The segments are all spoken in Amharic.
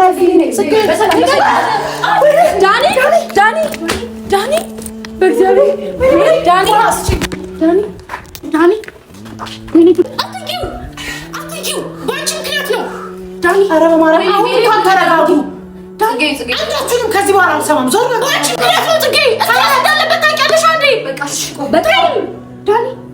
አንዳችሁንም ነው ጽጌ። እዛ ያለበት ታውቂያለሽ። አንዴ በቃ ዳኒ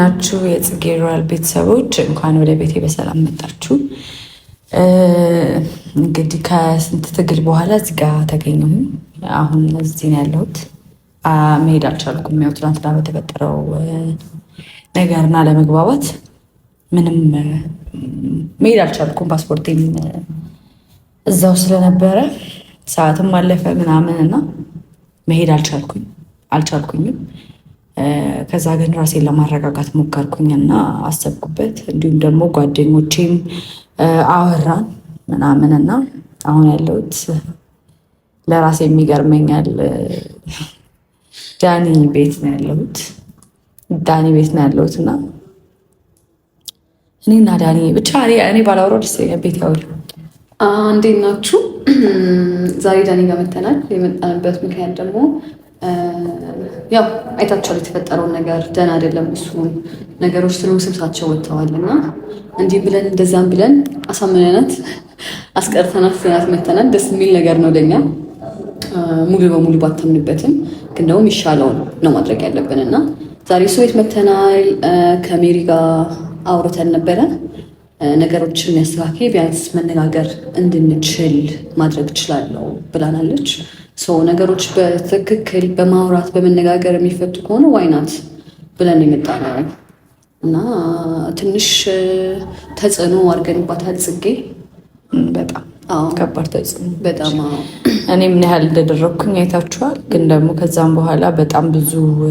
ናችሁ የጽጌ ሮያል ቤተሰቦች እንኳን ወደ ቤቴ በሰላም መጣችሁ። እንግዲህ ከስንት ትግል በኋላ እዚህ ጋ ተገኘሁ። አሁን እዚህ ነው ያለሁት። መሄድ አልቻልኩም። ያው ትናንትና በተፈጠረው ነገርና ለመግባባት ምንም መሄድ አልቻልኩም። ፓስፖርቴም እዛው ስለነበረ ሰዓትም አለፈ ምናምን እና መሄድ አልቻልኩኝ አልቻልኩኝም ከዛ ግን ራሴን ለማረጋጋት ሞከርኩኝና አሰብኩበት። እንዲሁም ደግሞ ጓደኞቼም አወራን ምናምንና አሁን ያለሁት ለራሴ የሚገርመኛል ዳኒ ቤት ነው ያለሁት። ዳኒ ቤት ነው ያለሁት እና እኔና ዳኒ ብቻ እኔ ባላወራው ደስ ቤት ያወሪ እንዴት ናችሁ? ዛሬ ዳኒ ጋር መተናል። የመጣንበት ምክንያት ደግሞ ያው አይታችኋል የተፈጠረውን ነገር ደህና አይደለም። እሱን ነገሮች ስለውስብሳቸው ወጥተዋል እና እንዲህ ብለን እንደዛም ብለን አሳምነናት አስቀርተናት ስናት መተናል። ደስ የሚል ነገር ነው ለኛ። ሙሉ በሙሉ ባተምንበትም ግን ደግሞ የሚሻለውን ነው ማድረግ ያለብን እና ዛሬ እሱ ቤት መተናል። ከሜሪ ጋር አውርተን ነበረ ነገሮችን ያስተካከል ቢያንስ መነጋገር እንድንችል ማድረግ እችላለሁ ብላናለች። ሰው ነገሮች በትክክል በማውራት በመነጋገር የሚፈቱ ከሆነ ዋይናት ብለን የመጣ ነው እና ትንሽ uh, ተጽዕኖ አድርገንባታል። ጽጌ በጣም ከባድ ተጽዕኖ በጣም እኔ ምን ያህል እንደደረግኩኝ አይታችኋል። ግን ደግሞ ከዛም በኋላ በጣም ብዙ uh,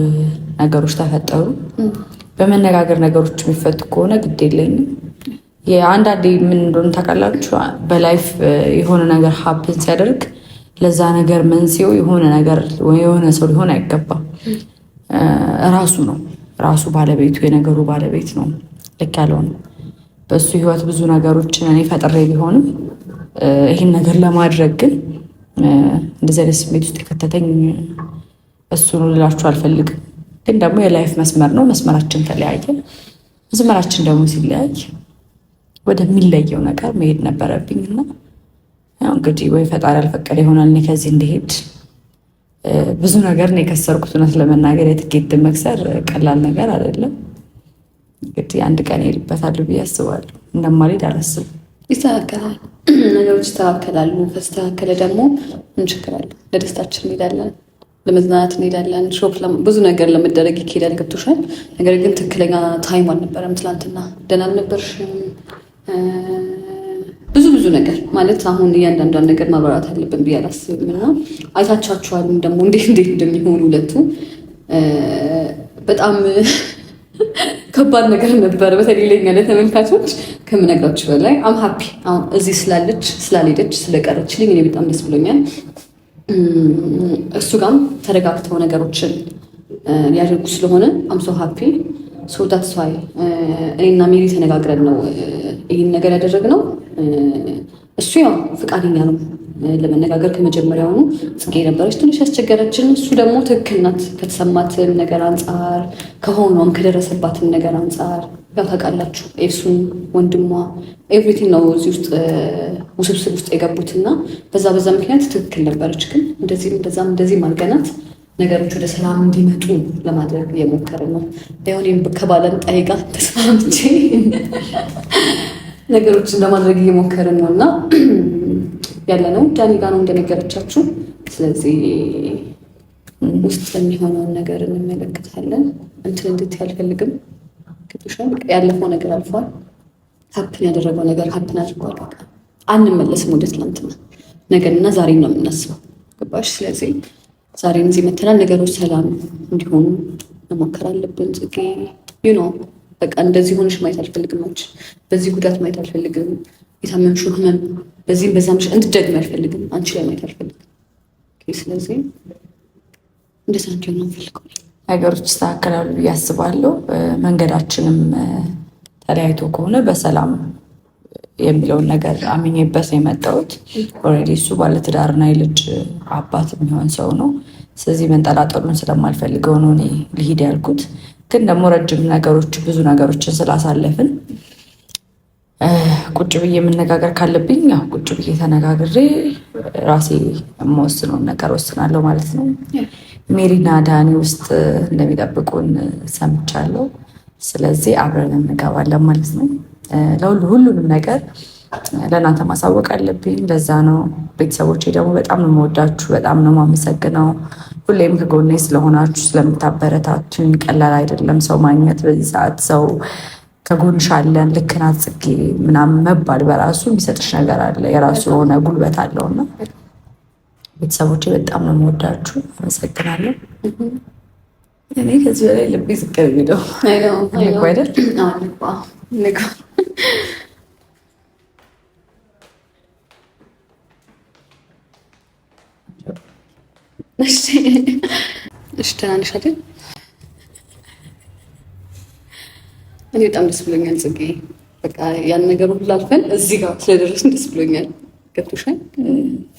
ነገሮች ተፈጠሩ። በመነጋገር ነገሮች የሚፈቱ ከሆነ ግድ የለኝም። አንዳንዴ ምን እንደሆነ ታውቃላችሁ፣ በላይፍ uh, የሆነ ነገር ሀፕን ሲያደርግ ለዛ ነገር መንስኤው የሆነ ነገር የሆነ ሰው ሊሆን አይገባም። ራሱ ነው ራሱ ባለቤቱ የነገሩ ባለቤት ነው። ልክ ያለው ነው። በእሱ ህይወት ብዙ ነገሮችን እኔ ፈጥሬ ቢሆንም ይህን ነገር ለማድረግ ግን እንደዚህ አይነት ስሜት ውስጥ የከተተኝ እሱ ነው ልላችሁ አልፈልግም። ግን ደግሞ የላይፍ መስመር ነው። መስመራችን ተለያየ። መስመራችን ደግሞ ሲለያይ ወደሚለየው ነገር መሄድ ነበረብኝ እና ያው እንግዲህ ወይ ፈጣሪ አልፈቀደ ይሆናል እኔ ከዚህ እንደሄድ ብዙ ነገር ነው የከሰርኩት። እውነት ለመናገር የትኬት መክሰር ቀላል ነገር አይደለም። እንግዲህ አንድ ቀን ሄድበታለሁ ብዬ አስባለሁ። እንደማልሄድ አላስብም። ይስተካከላል፣ ነገሮች ይስተካከላሉ። ከተስተካከለ ደግሞ እንችክላለን፣ ለደስታችን እንሄዳለን፣ ለመዝናናት እንሄዳለን። ሾፕ ብዙ ነገር ለመደረግ ይካሄዳል። ገብቶሻል። ነገር ግን ትክክለኛ ታይም አልነበረም። ትላንትና ደህና አልነበርሽም። ብዙ ብዙ ነገር ማለት አሁን እያንዳንዷን ነገር ማብራራት አለብን ብዬ አላስብም። እና አይታቻችኋል ደግሞ እንዴት እንዴት እንደሚሆኑ ሁለቱ በጣም ከባድ ነገር ነበረ። በተለይ ለኛ ለተመልካቾች ከምነግራችሁ በላይ አም ሀፒ አሁን እዚህ ስላለች ስላልሄደች ስለቀረችልኝ እኔ በጣም ደስ ብሎኛል። እሱ ጋም ተረጋግተው ነገሮችን ሊያደርጉ ስለሆነ አምሶ ሀፒ ሶዳትስ ዋይ uh, እኔና ሜሪ ተነጋግረን ነው uh, ይህን ነገር ያደረግነው። uh, እሱ ያው ፍቃደኛ ነው ለመነጋገር ከመጀመሪያውኑ። ጽጌ ነበረች ትንሽ ያስቸገረችን። እሱ ደግሞ ትክክል ናት ከተሰማትን ነገር አንጻር ከሆኗም ከደረሰባትን ነገር አንጻር ያው ታውቃላችሁ፣ ኤፍሱን ወንድሟ ኤቭሪቲንግ ነው እዚህ ውስጥ ውስብስብ ውስጥ የገቡትና በዛ በዛ ምክንያት ትክክል ነበረች። ግን እንደዚህም እንደዛም እንደዚህም አልገናት ነገሮች ወደ ሰላም እንዲመጡ ለማድረግ የሞከረ ነው። ሆኔም ከባለንጣይ ጋር ተስማምቼ ነገሮችን ለማድረግ እየሞከረ ነው እና ያለነው ዳኒ ጋ ነው እንደነገረቻችሁ። ስለዚህ ውስጥ የሚሆነውን ነገር እንመለከታለን። እንትን እንድት ያልፈልግም ያለፈው ነገር አልፏል። ሀፕን ያደረገው ነገር ሀፕን አድርጓል። አንመለስም ወደ ትናንትና። ነገርና ዛሬ ነው የምናስበው። ገባሽ? ስለዚህ ዛሬም እዚህ መተናል። ነገሮች ሰላም እንዲሆኑ መሞከር አለብን። ጽጌ ዩ ኖ በቃ እንደዚህ ሆነሽ ማየት አልፈልግም፣ አንቺ በዚህ ጉዳት ማየት አልፈልግም፣ የታመምሽው ህመም በዚህም በዛም እንድትደግም አልፈልግም፣ አንቺ ላይ ማየት አልፈልግም። ስለዚህ እንደዛ እንዲሆን ነው ፈልገው ነገሮች ይስተካከላሉ ብዬ አስባለሁ። መንገዳችንም ተለያይቶ ከሆነ በሰላም የሚለውን ነገር አምኜበት ነው የመጣሁት። ኦልሬዲ እሱ ባለትዳርና የልጅ አባት የሚሆን ሰው ነው። ስለዚህ መንጠላጠሉን ስለማልፈልገው ነው እኔ ልሂድ ያልኩት። ግን ደግሞ ረጅም ነገሮች ብዙ ነገሮችን ስላሳለፍን ቁጭ ብዬ የምነጋገር ካለብኝ ያው ቁጭ ብዬ ተነጋግሬ ራሴ የምወስነውን ነገር ወስናለሁ ማለት ነው። ሜሪና ዳኒ ውስጥ እንደሚጠብቁን ሰምቻለሁ። ስለዚህ አብረን እንገባለን ማለት ነው። ለሁሉ ሁሉንም ነገር ለእናንተ ማሳወቅ አለብኝ። ለዛ ነው ቤተሰቦቼ ደግሞ በጣም ነው የምወዳችሁ፣ በጣም ነው የማመሰግነው። ሁሌም ከጎኔ ስለሆናችሁ ስለምታበረታችን ቀላል አይደለም ሰው ማግኘት በዚህ ሰዓት ሰው ከጎንሽ አለን ልክ ናት ጽጌ ምናምን መባል በራሱ የሚሰጥሽ ነገር አለ፣ የራሱ የሆነ ጉልበት አለውና ቤተሰቦቼ በጣም ነው የምወዳችሁ። አመሰግናለሁ። እኔ ከዚህ በላይ ልቤ ዝቅ የሚለው አይደል እሺ ደህና ነሽ አይደል? እኔ በጣም ደስ ብሎኛል ጽጌ። በቃ ያን ነገር ሁሉ አልፈን እዚህ ጋር ስለደረስን ደስ ብሎኛል። ገብቶሻል?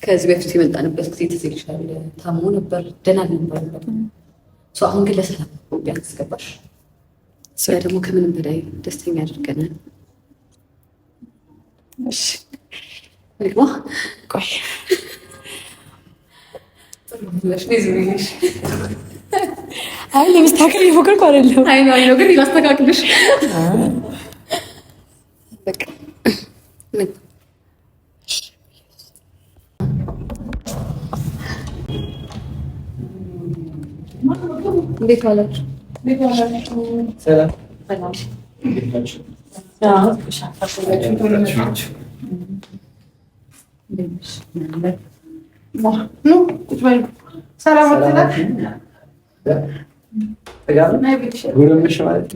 ከዚህ በፊት የመጣንበት ጊዜ ትዝ ይልሻል። ታሞ ነበር፣ ደህና ነበር። አሁን ግን ለሰላም ቢያንስ ገባሽ። ስራ ደግሞ ከምንም በላይ ደስተኛ አድርገናል። እሺ ቆይ አይ ለመስተካከል እየሞከርኩ አይደለም። አይ ነው ነው፣ ግን ይላስተካክልሽ። እንዴት ዋላችሁ? ሰላም ጎረምሽ ማለት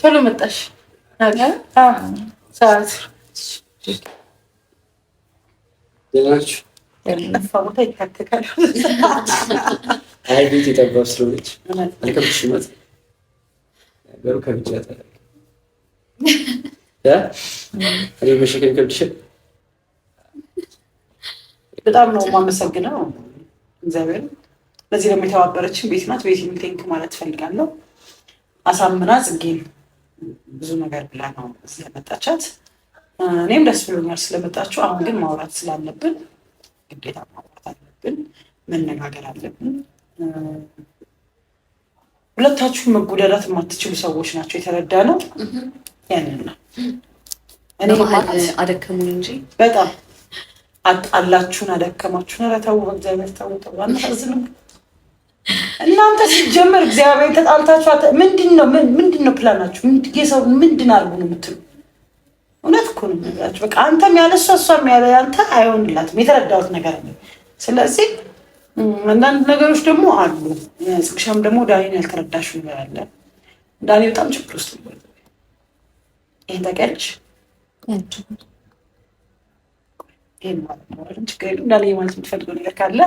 ቶሎ መጣሽ። ሰዓት ደህና ናችሁ? ያልጠፋ ቦታ ይታከካል። አይ ቤት የጠባብ ስለሆነች አልከብሽ መሸከም በጣም ነው የማመሰግነው እግዚአብሔር። ለዚህ ደግሞ የተባበረችን ቤት ናት። ቤት የሚቴንክ ማለት ትፈልጋለሁ። አሳምና ጽጌን ብዙ ነገር ብላ ነው ስለመጣቻት እኔም ደስ ብሎኛል ስለመጣችሁ። አሁን ግን ማውራት ስላለብን ግዴታ ማውጣት አለብን፣ መነጋገር አለብን። ሁለታችሁ መጎዳዳት የማትችሉ ሰዎች ናቸው። የተረዳ ነው። ያንን ነው እኔ አደከሙ እንጂ በጣም አጣላችሁን፣ አደከማችሁን። ኧረ ተው በእግዚአብሔር ተው ተው፣ አናሳዝንም። እናንተ ሲጀመር እግዚአብሔር ተጣልታችሁ ምንድን ነው ምንድን ነው ፕላናችሁ? የሰው ምንድን አድርጉ ነው የምትሉ እውነት እኮ ነው የምነግራቸው። በቃ አንተም ያለ እሷ እሷም ያለ አንተ አይሆንላትም። የተረዳሁት ነገር ነው። ስለዚህ አንዳንድ ነገሮች ደግሞ አሉ። ጽግሻም ደግሞ ዳኒን ያልተረዳሽ ነገር አለ። ዳኒ በጣም ችግር ውስጥ ነው። ይሄን ታውቂያለሽ። ይሄን ማለት ነው ችግር የለም። ዳኒ ማለት የምትፈልገው ነገር ካለ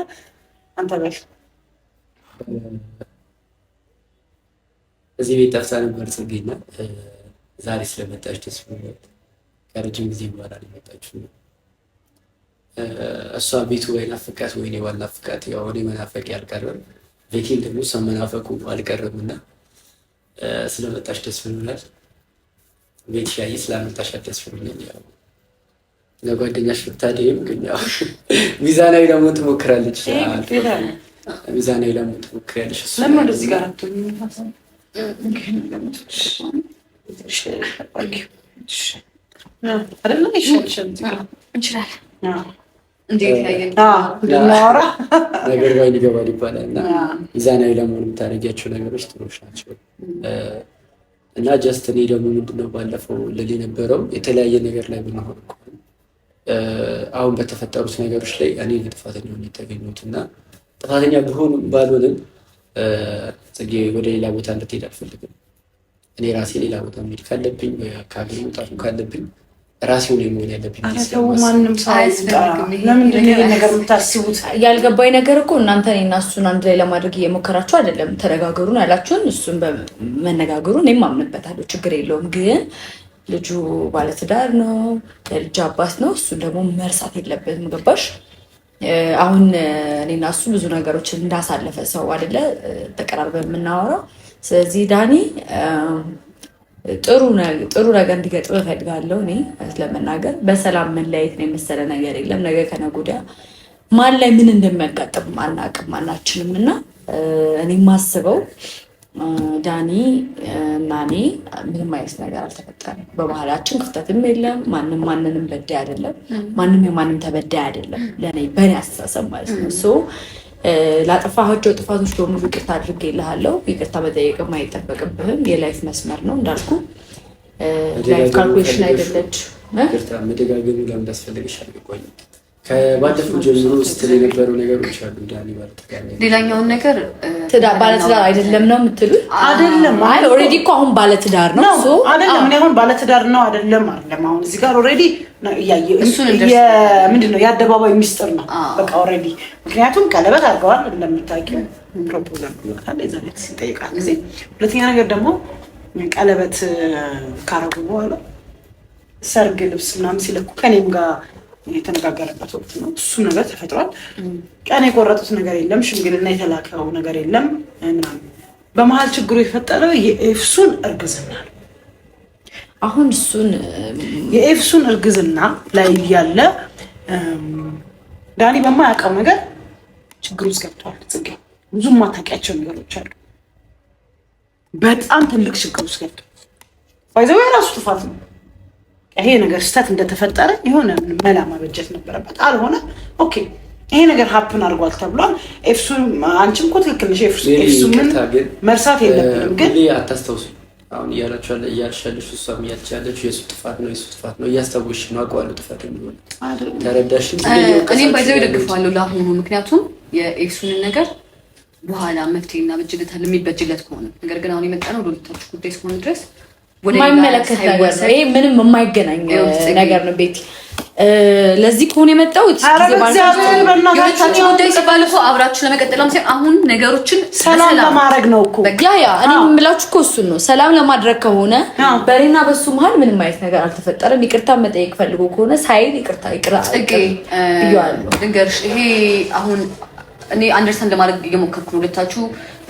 አንተ በል። እዚህ ቤት ጠፍታ ነበር ጽጌና ዛሬ ስለመጣች ደስ ብሎኛል። ከረጅም ጊዜ በኋላ የመጣችው እሷ ቤቱ ባይናፍቃት ወይኔ ባልናፍቃት፣ ያው እኔ መናፈቅ ያልቀረም ቤቴን ደግሞ እሷ መናፈቁ አልቀረም እና ስለመጣሽ ደስ ብሎናል። ቤት ሻይ ስላመጣሽ ደስ ብሎኛል። ያው ለጓደኛሽ ብታደይም ግን ያው ሚዛናዊ ደግሞ ትሞክራለች ሚዛናዊ ደግሞ ትሞክራለች እዚህ ጋር ቶ ነገር ላይ ሊገባ ይባላል እና ሚዛናዊ ለመሆን የምታደርጊያቸው ነገሮች ጥሩዎች ናቸው። እና ጀስት እኔ ደግሞ ምንድነው ባለፈው ልል የነበረው የተለያየ ነገር ላይ ብንሆን አሁን በተፈጠሩት ነገሮች ላይ እኔ ጥፋተኛ ሆኜ የተገኘሁት እና ጥፋተኛ ብሆን ባልሆንም ጽጌ ወደ ሌላ ቦታ እንድትሄድ አልፈልግም። እኔ ራሴ ሌላ ቦታ መሄድ ካለብኝ ከሀገር መውጣት ካለብኝ ራሴ ሆነ የመሆን ያለብኝ ማንም ሰው ነገር የምታስቡት ያልገባኝ ነገር እኮ እናንተ እኔና እሱን አንድ ላይ ለማድረግ እየሞከራችሁ አይደለም። ተነጋገሩን ያላችሁን እሱን መነጋገሩ እኔም አምንበታለሁ፣ ችግር የለውም ግን ልጁ ባለትዳር ነው፣ የልጅ አባት ነው። እሱን ደግሞ መርሳት የለበትም። ገባሽ? አሁን እኔና እሱ ብዙ ነገሮችን እንዳሳለፈ ሰው አይደለ ተቀራርበ የምናወራው። ስለዚህ ዳኒ ጥሩ ነገር እንዲገጥም እፈልጋለሁ። እኔ ለመናገር በሰላም መለያየት ነው የመሰለ ነገር የለም። ነገ ከነገ ማን ላይ ምን እንደሚያጋጥም አናቅም ማናችንም እና እኔ ማስበው ዳኒ እና እኔ ምንም አይነት ነገር አልተፈጠረም። በባህላችን ክፍተትም የለም። ማንም ማንንም በዳይ አይደለም። ማንም የማንም ተበዳይ አይደለም። ለእኔ በእኔ አስተሳሰብ ማለት ነው። ሶ ላጠፋኋቸው ጥፋቶች በሙሉ ይቅርታ አድርጌልሃለሁ። ይቅርታ መጠየቅ አይጠበቅብህም። የላይፍ መስመር ነው እንዳልኩ ላይፍ ካልኩሌሽን አይደለች። መደጋገሙ ለምን እንዳስፈለገሽ አልገባኝም። ከባለፈው ጀምሮ ስትል የነበረው ነገሮች አሉ። ዳኒ ባጠቃላይ ሌላኛውን ነገር ትዳር ባለትዳር አይደለም ነው የምትሉ? አይደለም። አይ ኦልሬዲ እኮ አሁን ባለትዳር ነው። ሶ አይደለም እኔ አሁን ባለትዳር ነው አይደለም አይደለም። አሁን እዚህ ጋር ኦልሬዲ ምንድን ነው የአደባባይ ሚስጥር ነው በቃ ኦልሬዲ። ምክንያቱም ቀለበት አድርገዋል እንደምታውቂው፣ ፕሮፖዛል ዛ ሲጠይቃት ጊዜ። ሁለተኛ ነገር ደግሞ ቀለበት ካረጉ በኋላ ሰርግ ልብስ ምናምን ሲለኩ ከኔም ጋር የተነጋገረበት ወቅት ነው። እሱ ነገር ተፈጥሯል። ቀን የቆረጡት ነገር የለም፣ ሽምግልና የተላከው ነገር የለም። በመሀል ችግሩ የፈጠረው የኤፍሱን እርግዝና ነው። አሁን እሱን የኤፍሱን እርግዝና ላይ ያለ ዳኒ በማያውቀው ነገር ችግር ውስጥ ገብተዋል። ጽጌ ብዙ ማታውቂያቸው ነገሮች አሉ። በጣም ትልቅ ችግር ውስጥ ገብተዋል። ባይዘው የራሱ ጥፋት ነው። ይሄ ነገር ስህተት እንደተፈጠረ የሆነ መላ ማበጀት ነበረበት፣ አልሆነ። ኦኬ ይሄ ነገር ሀፕን አድርጓል ተብሏል። ኤፍሱ አንቺም እኮ ትክክል ነሽ። ኤፍሱ ምን መርሳት የለብንም ግን አታስታውሱ አሁን እያላችኋለ እያልሻለች እሷም እያልቻለች የሱ ጥፋት ነው የሱ ጥፋት ነው እያስታወሽ ነው። አውቀዋለሁ ጥፋት የሚሆን ተረዳሽ። እኔም ባይዘው ይደግፈዋለሁ ለአሁኑ ምክንያቱም የኤፍሱንን ነገር በኋላ መፍትሄ እናበጅለታል የሚበጅለት ከሆነ ነገር ግን አሁን የመጣ ነው ወደ ሁለታችሁ ጉዳይ እስከሆነ ድረስ የማይመለከት ይሄ ምንም የማይገናኝ ነገር ነው። ቤቲ ለዚህ ከሆነ የመጣው ባለፈው አብራችሁ ለመቀጠል አሁን ነገሮችን ሰላም ለማድረግ ነው እኮ ያ ያ እኔ የምላችሁ እኮ እሱን ነው። ሰላም ለማድረግ ከሆነ በእኔና በሱ መሀል ምንም አይነት ነገር አልተፈጠረም። ይቅርታ መጠየቅ ፈልጎ ከሆነ ሳይል ይቅርታ ይቅር ይዋሉ። ይሄ አሁን እኔ አንደርስታንድ ለማድረግ እየሞከርኩ ነው። ሁለታችሁ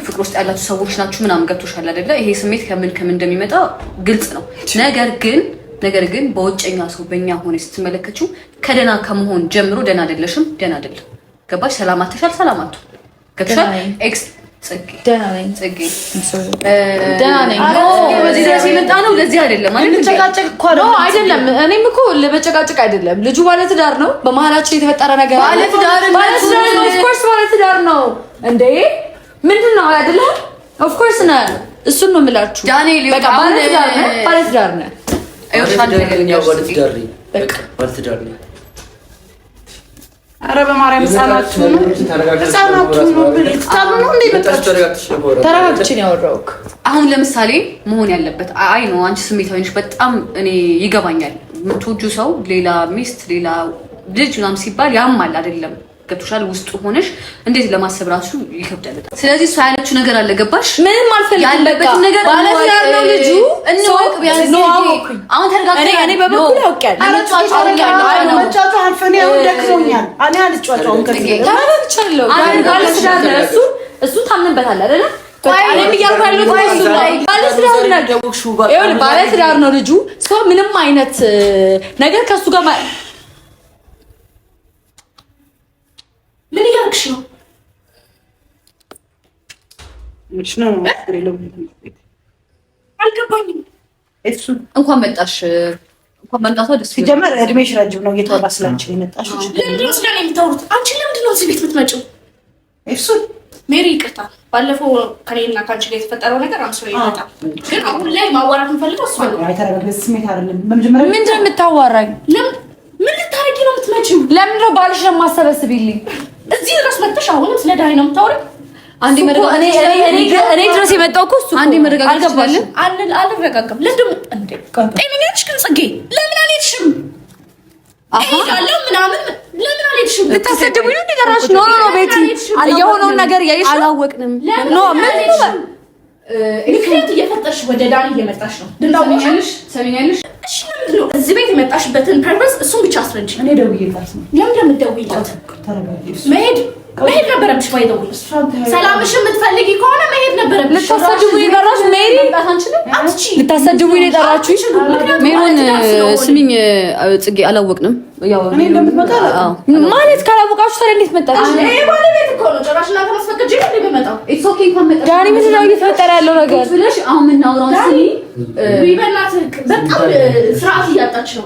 ፍቅር ውስጥ ያላችሁ ሰዎች ናችሁ ምናምን ገብቶሻል አይደለ? ይሄ ስሜት ከምን ከምን እንደሚመጣ ግልጽ ነው። ነገር ግን ነገር ግን በውጨኛ ሰው በእኛ ሆነ ስትመለከችው ከደና ከመሆን ጀምሮ ደና አይደለሽም፣ ደና አይደለም። ገባሽ? ሰላም አትሻል፣ ሰላም አትሆን። ገብቶሻል? ደህና የመጣ ነው ለዚህ አይደለም እኔም እኮ ለመጨቃጨቅ አይደለም። ልጁ ባለትዳር ነው። በመሀላችን የተፈጠረ ነገር ባለትዳር ነው። ኦፍኮርስ ባለትዳር ነው እንዴ! ምንድን ነው አይደለም? ኦፍኮርስ ነው እሱን ነው የምላችሁ። በቃ ባለትዳር ነህ፣ አረ በማርያም ህፃናችሁ ነው ህፃናችሁ ነው ልትጣሉ ነው እንዴ? ተረጋግቼ ነው ያወራሁት። አሁን ለምሳሌ መሆን ያለበት አይ ነው አንቺ ስሜታዊ ነሽ በጣም እኔ ይገባኛል። የምትወጂው ሰው ሌላ ሚስት ሌላ ልጅ ምናምን ሲባል ያማል አይደለም ገብቶሻል። ውስጡ ሆነሽ እንዴት ለማሰብ ራሱ ይከብዳል። ስለዚህ እሷ ያለችው ነገር አለ። ገባሽ? ምንም አልፈልግም። ነው። አሁን በበኩል እሱ ባለትዳር ነው ልጁ። ሰው ምንም አይነት ነገር ከእሱ ጋር ምን እያልክሽ ነው? አልገባኝም። እንኳን መጣሽ። እንኳን መምጣቷ ደስ ሲጀመር እድሜሽ ረጅም ነው። እየተወራ ስላንችን የመጣሽ ስለ የምታወሩት አንቺ ለምንድነው እዚህ ቤት የምትመጪው? ኤፍሱን ሜሪ ይቅርታ፣ ባለፈው ከኔና ከአንቺ ጋር የተፈጠረው ነገር አንሱ ይመጣል። ግን አሁን ላይ ማዋራት የምፈልገው እሱ ነው። ምንድን የምታዋራኝ ለምን እንዴት ነው የምትመጪው? ለምን ነው ባልሽ ነው የማሰበስብልኝ? እዚህ ድረስ መጥተሽ አሁንም ስለ ዳይ ነው የምታወሪው? አንዴ ድረስ የመጣው እኮ እሱ አንዴ መረጋጋት አልገባልም። አልረጋጋም። ለምን እንዴ ጤነኛ ግን ጽጌ፣ ለምን አልሄድሽም? ለምን ቤቲ ነገር ያይሽ አላወቅንም። ኖ ምን ነው ምክንያት እየፈጠርሽ ወደ ዳን እየመጣሽ ነው። ድንዳው ነው ሰሚኛለሽ እዚህ ቤት የመጣሽበትን ፐርፐስ እሱን ብቻ አስረጅ። እኔ ደውዬላት ነው። ለምን መሄድ መሄድ ነበረብሽ። ባይደውልሽ የምትፈልጊ ከሆነ መሄድ ነበረብሽ። ልታሳድቡ የጠራች ሜሪ ልታሳድቡ የጠራችሁ ሜሮን፣ ስሚኝ ጽጌ፣ አላወቅንም ማለት ካላወቃችሁ ታዲያ እንዴት መጣች? ዳኒ ምንድን ነው እየተፈጠረ ያለው ነገር? በጣም ስርዓት እያጣች ነው።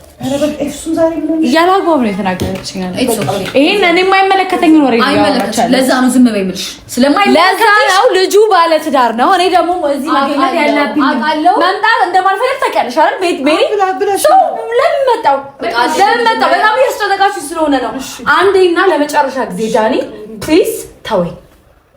ያለ አግባብ ነው የተናገረችኝ። ይሄን እኔ የማይመለከተኝ ወሬ ለዛ ነው ዝም በይ የምልሽ ስለማይመለከት ነው። ልጁ ባለ ትዳር ነው። እኔ ደግሞ እዚህ ያለብኝ መምጣት ታውቂያለሽ ቤት ሜሪ ለምን መጣሁ ለምን መጣሁ? በጣም እያስጨነቃችሁ ስለሆነ ነው። አንዴና ለመጨረሻ ጊዜ ዳኒ ፕሊስ ተወኝ።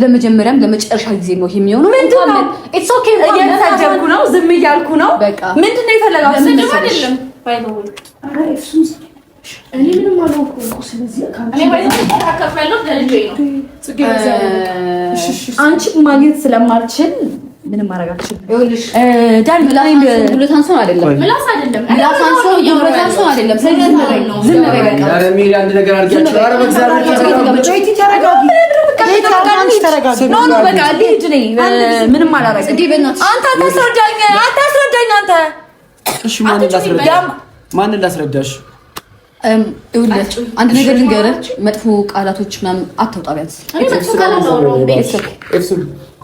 ለመጀመሪያም ለመጨረሻ ጊዜ ነው ይሄ የሚሆነው። ምንድነው? ኢትስ ኦኬ እየተሳደብኩ ነው፣ ዝም እያልኩ ነው። በቃ ምንድነው የፈለጋው? አይደለም። እኔ ምንም ስለዚህ አንቺ ማግኘት ስለማልችል ምንም ማረጋችሁ ይኸውልሽ፣ ዳን አይደለም ምላስ አይደለም አይደለም። ዝም ዳን አንድ ነገር አረ ምንም አላደረግም። አንተ አታስረዳኝ፣ አታስረዳኝ አንተ እሺ አንድ ነገር ልንገርህ፣ መጥፎ ቃላቶች ምናምን አታውጣ ቢያንስ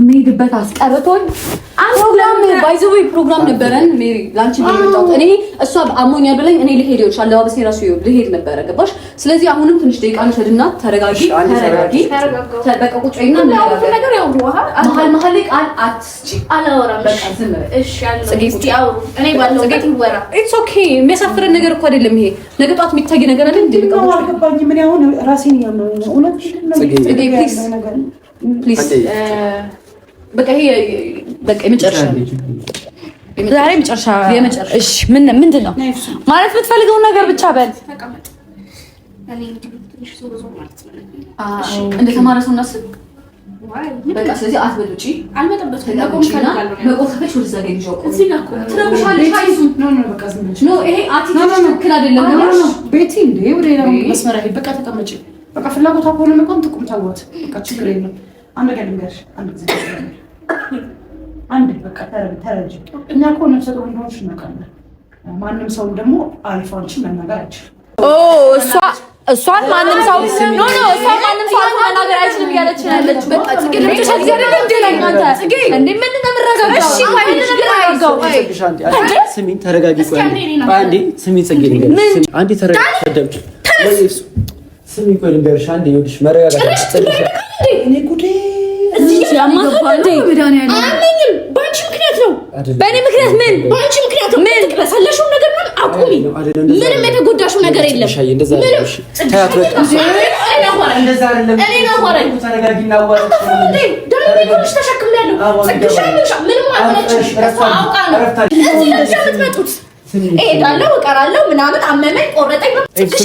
የምሄድበት አስቀርቶኝ ፕሮግራም ባይዘው ፕሮግራም ነበረን። ሜሪ ላንቺ ነው እኔ እሷ አሞኛል ብለኝ እኔ ልሄድ ይኸውልሽ፣ የራሱ እራሱ ልሄድ ነበረ። ገባሽ? ስለዚህ አሁንም ትንሽ ደቂቃ ልውሰድና ተረጋጊ፣ ተረጋጊ፣ በቃ ቁጭ በይና ነገር ያው ውሃ መሀል መሀል ላይ ቃል አትስጪ፣ አላወራም። በቃ ዝም ብለሽ እሺ። አለ እኔ ባለው ይወራ። ኢትስ ኦኬ። የሚያሳፍረን ነገር እኮ አይደለም ይሄ። ነገ ጠዋት የሚታይ ነገር አይደል እንዴ? በቃ አልገባኝም። እኔ አሁን ራሴን ያመመኝ ነው። እውነት ጽጌ፣ ፕሊዝ ፕሊዝ በቃ ይሄ የመጨረሻ እሺ፣ ምን ምንድን ነው ማለት የምትፈልገውን ነገር ብቻ በል። እንደተማረ ሰው እናስብ። ስለዚህ አትበሉጪ። መቆፈች ትክክል አይደለም። ቤቲ መስመር በቃ ተቀመጪ። በቃ ፍላጎቷ ከሆነ መቆም ትቁም። ታወት በቃ ችግር የለም። አንድ ነገር ልንገርሽ፣ አንድ ጊዜ አንድ በቃ ተረጅ እኛ እኮ ነፍሰ ጡር እናውቃለን። ማንም ሰው ደግሞ አሪፍ መናገር አይችልም። እሷን ማንም ሰው ኖ ኖ እሷን ማንም ሰው መናገር አይችልም እያለች ያለች ስሚኝ ነው። በእኔ ምክንያት ምን? በአንቺ ምክንያት ምን? ትቅረሳለሽው ነገር ምን? አቁሚ። ምንም የተጎዳሽው ነገር የለም። እሄዳለሁ እቀራለሁ፣ ምናምን አመመኝ፣ ቆረጠኝ ጽግሻ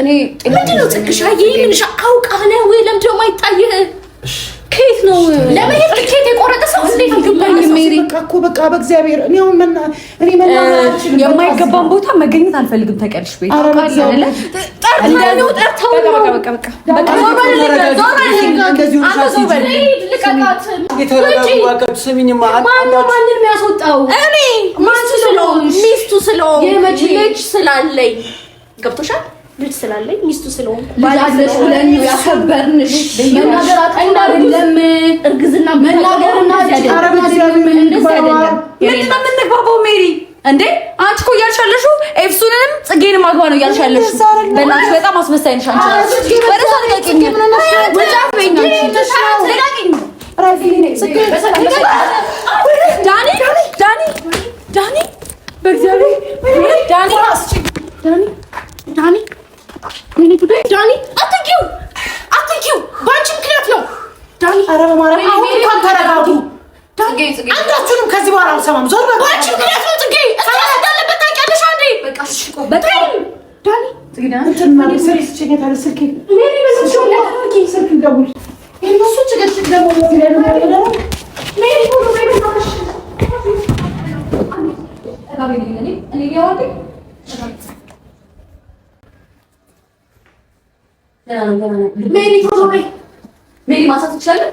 እኔ ምንድን ነው ጽግሻ ይምንሽ አውቃህ ነው ለምንድን ነው የማይታይህ? ከየት ነው ለመሄድ ትኬት የቆረጠ ሰው እንዴት ይገባል? ሜሪ እኮ በቃ በእግዚአብሔር እኔ አሁን መና እኔ መና የማይገባን ቦታ መገኘት አልፈልግም። ተቀልሽ ቤት ማንን የሚያስወጣው እኔ ሚስቱ ስለሆንኩ ልጅ ስላለኝ ገብቶሻል። ልጅ ስላለኝ ሚስቱ ስለሆንኩ ባለሽ ብለን ያከበርንሽ መናገር እርግዝና መናገርና ሜሪ እንዴ አንቺ እኮ እያልሻለሹ ኤፍሱንንም ጽጌን ማግባ ነው እያልሻለሹ። በእናትሽ በጣም አስመሳይ ነሽ አንቺ። ዳኒ ዳኒ ዳኒ ዳኒ አትንኪው፣ አትንኪው በአንቺ ምክንያት ነው። ዳኒ ኧረ በማርያም አሁን እንኳን ተረጋጉ። አንዳችሁንም ከዚህ በኋላ አልሰማም። ዞር በቃ። በአንቺ ምክንያት ነው ጽጌ እሳት አለበት ታውቂያለሽ። አንዴ በቃ እሺ፣ ቆይ በቃ ዳኒ ስልክ ደውል። የእነሱ ጭቅጭቅ ደግሞ ሜሪ ማሳት ይችላል።